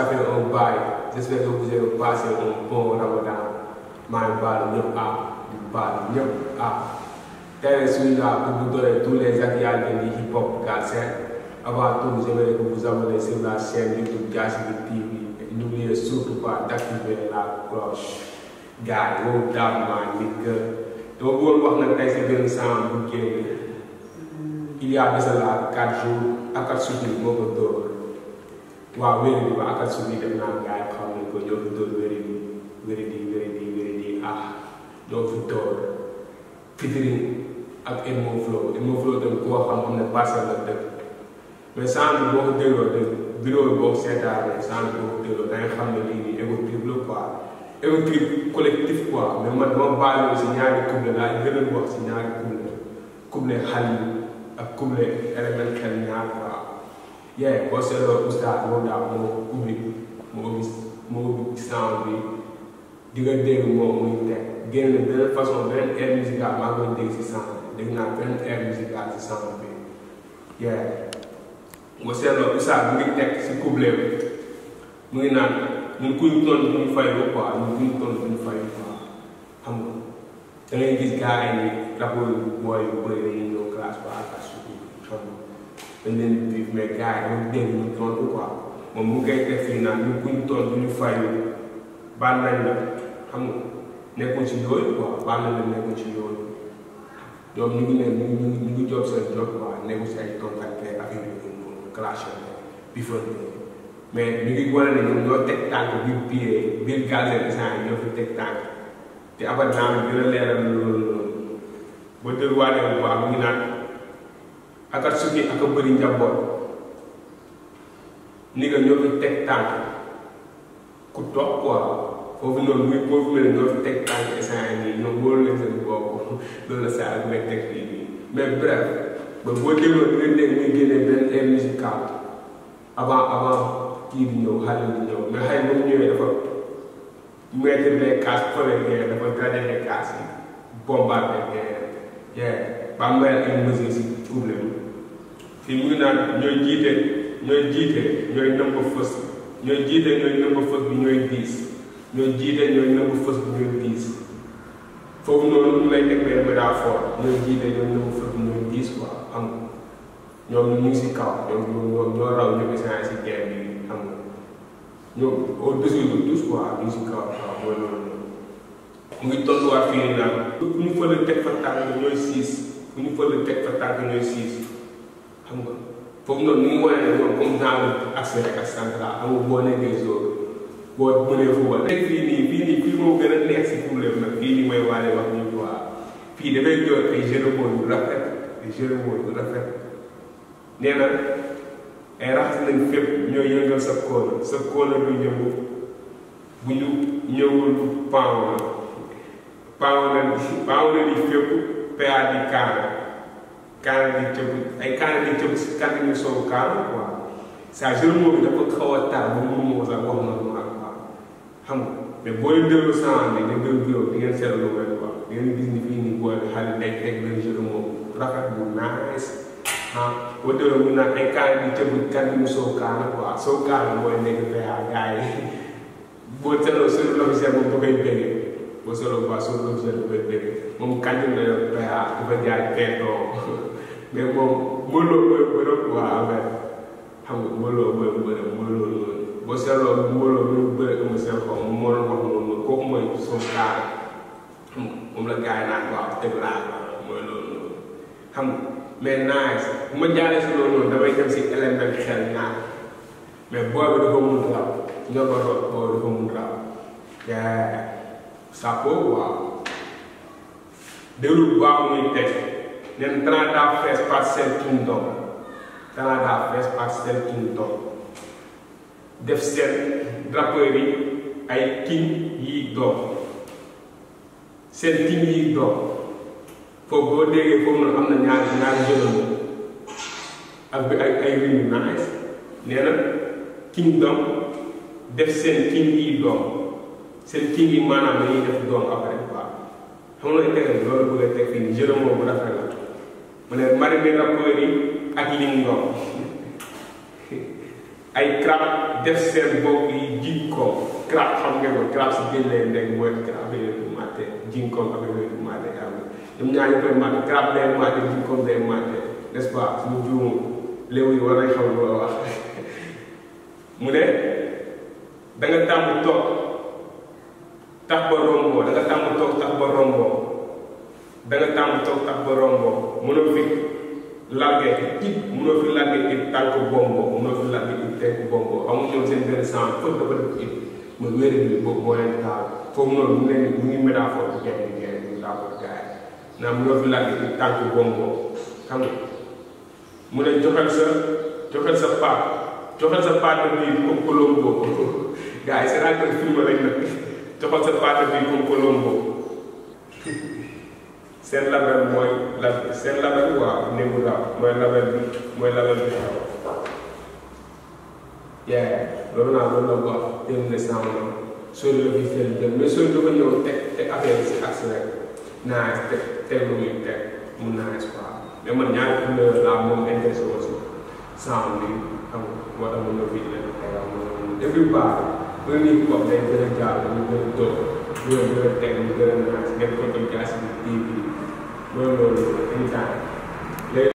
ça fait un bail. J'espère que vous avez passé un bon ramadan. Mais bal, n'y a pas de bal, n'y a pas. Tel est celui-là que vous donnez tous les alliés de l'hip hop Gassin. Avant tout, j'aimerais que vous abonnez sur la chaîne YouTube Gassin de TV. Et n'oubliez surtout pas d'activer la cloche. Gars, go down, my nigga. Donc, vous voyez, on a fait ce bien ensemble. Il y a besoin de 4 jours, à 4 jours, il y a besoin de waaw wéri bi ba akat su bi dem naa gars yi xam nañ ko ñoo fi doon wéri ah ñoo fi doon fitirin ak Elmo Flow Elmo Flow tamit koo xam xam ne parcelle la dëkk mais sang bi boo ko dégloo dëgg bureau bi boo ko seetaanee sang bi boo ko dégloo da nga xam ne lii nii égo trip la quoi égo trip collectif quoi mais man dama bàyyi si ñaari couple laa gën a wax si ñaari couple couple xale yi ak couple élément xel ñaar quoi Yeah, boo seetloo oustaz moom daal moo ubbi moo gis moo ubbi sound bi di nga dégg moom muy teg génn beneen façon beneen air musical maa ngi koy dégg si sound bi dégg naa beneen air musical si sound bi yeah boo seetloo oustaz mu ngi teg si couplet bi mu ngi naan ñun kuñ toll duñ fayu quoi ñun kuñ toll duñ fayu quoi xam nga da ngay gis gars yi rapport booy yu bëri dañuy ñëw classe ba ak suuf xam nga and then you leave my guy and then you don't look up mà mu ngay def fii naan ñu buñ toll ñu fay baal nañ la xam nga nekkoon ci yooyu quoi baal nañ la nekkoon ci yooyu donc ñu ngi leen ñu ngi ñu ngi job seen job quoi nekkoon ci ay tonkante ak yu ñu noonu clash bi fa mais ñu ngi wane ne ñoom ñoo teg tànk bi biir biir galère design ñoo fi teg tànk te abadnaam dina leeral loolu noonu ba dégluwaatee bu baax mu ngi naan aka a sukki ak a bëri njaboot ni nga ñoo fi teg tànk ku toog quoi foofu noonu muy boobu mel ñoo fi teg tànk essence nii ñoom loolu la seen bopp loolu la saa ak teg lii nii mais bref ba boo dégloo di nga dégg muy génnee benn air musical avant avant kii di ñëw xale di ñëw mais xale moom ñëwee dafa mettre les cases fële ngeen dafa traiter les cases yi bombardé ngeen yaa ba mu mel ay mesures yi trouble te é ngi naan ñooy jiite ñooy jiite ñooy nëmb fës ñooy jiite ñooy nëmb número bi ñooy diis ñooy jiite ñooy nëmb fës bi ñooy um foofu noonu ñu lay teg benn métaphore ñooy jiite ñooy nëmb fës bi ñooy diis quoi am ñoom ñu ngi si kaw ñoom ñoo ñoo raw ñu ngi saa si guerre bi am nga ñoom au dessus de tous quoi ñu ngi si kaw waaw mooy loolu mu ngi tolluwaat fii nii naan bu ñu fële teg fa tànk ñooy siis bu ñu teg fa tànk ñooy xam nga foofu noonu ni mu wane ne moom comme genre accès rek ak central amul boo nekkee zone boo mënee fii nii fii nii fii moo gën a neex si problème nag fii nii mooy waale wax ñu quoi fii dafay jox ay jeu rafet ay jeu rafet nee na ay raxas nañ fépp ñooy yëngal sa kóol sa kóol la du bu ñu ñëwul paaw la paaw la paaw la di fépp kaara bi tëb ay kaara bi tëb si kaara ñu soow kaara quoi saa jour moom dafa xaw a tar ba moom moo sax wax na lu ak quoi xam nga mais boo leen déglu sans ne ngeen gën di ngeen seetlu rek quoi di ngeen gis ni fii nii booy xale nekk rek benn jour moom rafet bu naaj ah boo déglu mu naan ay kaara bi tëb kaara ñu soow kaara quoi soow kaara mooy nekk PA gars yi boo seetloo seen logiciel moom da koy bëggee boo seetloo quoi seen logiciel da koy bëggee moom kañ la yor PA dafa jaay mais moom mënoo mooy bërëb waa affaire xam nga mënoo mooy bërëb mënoo mooy boo seetloo mënoo mooy bërëb mu seen xaw mu mënul wax noonu kooku mooy son kaar xam nga moom la gars yi naan waaw tëb laa mooy loolu noonu xam nga mais naa bu ma jaaree si loolu noonu damay dem si élément xel ñaar mais boobu dafa mun rab ñoo ko doon boobu dafa mun rab te sàppoo waaw déglu bu baax muy teg Then Canada first parcel kingdom Canada first parcel kingdom def seen drapeau yi ay king yi doom seen king yi doom foofu boo déggee foofu noonu am na ñaar ñaari jëloon ak bi ay ay réew yu nice nee def seen king yi doom seen king yi maanaam dañuy def doom après quoi xam nga intérêt loolu bëgg a teg fii jëloon moom bu rafet la mu ne marine rappeurs yi ak ling ngom ay crab def seen bopp yi jiñ crab xam nga ko crab si jël leen rek mooy crab yooyu bu màtte jiñ ko ak yooyu bu màtte xam nga ñoom ñaar ñu koy màtte crab day màtte jiñ ko day màtte n'est-ce pas suñu juumu léew yi war nañ xam lu wax mu ne da nga tàmm toog tax ba romboo da nga tàmm toog tax ba romboo da nga tàmm toog tax ba romboo mënoo fi làggee it mënoo fi làggee it tànk bombo mënoo fi làggee it tekk bombo amul ñoom seen benn sang foofu dafa def it mooy wéeru bi boobu moo leen taal foofu noonu mu leen mu ngi métaphore bi genn genn ñu laa ko gaay naa mënoo fi làggee it tànk bombo xam nga mu ne joxal sa joxal sa paat joxal sa paat bii comme colombo boobu gars yi c'est-à-dire film lañ nag joxal sa paat bii comme colombo boobu seen label mooy la seen label waa néegu la mooy label bi mooy label bi xew yaa loolu naa loolu la bu wax téeméer cent moom sori la fi seen jël mais sori dafa ñëw teg te affaire si aksi rek naaj te teg lu muy teg mu naaj quoi mais man ñaari couleur laa moom intéressé woon si cent bi xam moo tax mun na fii leen xew mun na nii ko day gën a jaar ñu gën a Luego, luego, tengo que dar una tarjeta de contemplación de TV. Luego, luego, aquí está.